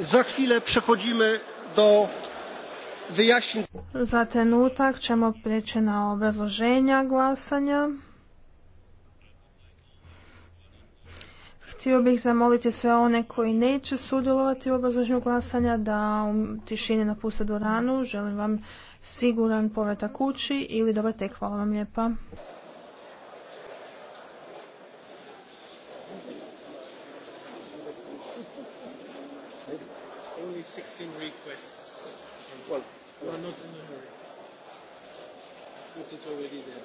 Za do trenutak ćemo prijeći na obrazloženja glasanja. Htio bih zamoliti sve one koji neće sudjelovati u obrazloženju glasanja da u tišini napuste ranu. Želim vam siguran povratak kući ili dobar tek. Hvala vam lijepa. only 16 requests. Well, you are not in a hurry. Put it already there.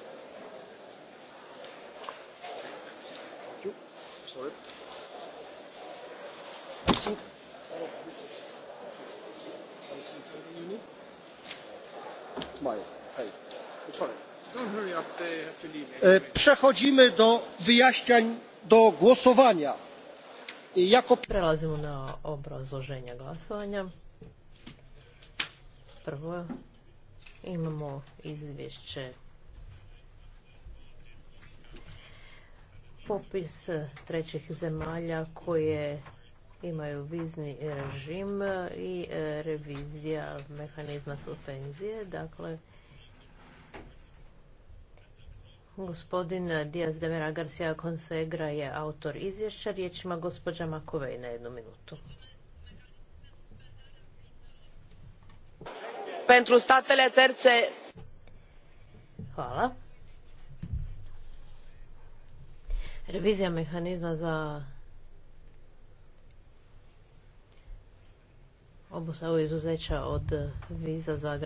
Thank you. Sorry. I think all of this is something you need. It's my hey. Sorry. Don't hurry up. They have to leave. E, anyway. Przechodzimy do wyjaśniań do głosowania Jako... Prelazimo na obrazloženje glasovanja. Prvo imamo izvješće popis trećih zemalja koje imaju vizni režim i revizija mehanizma suspenzije. Dakle, Gospodin Diaz de Mera Garcia Consegra je autor izvješća. Riječ ima gospođa Makovej na jednu minutu. Pentru statele terce... Hvala. Revizija mehanizma za obustavu izuzeća od viza za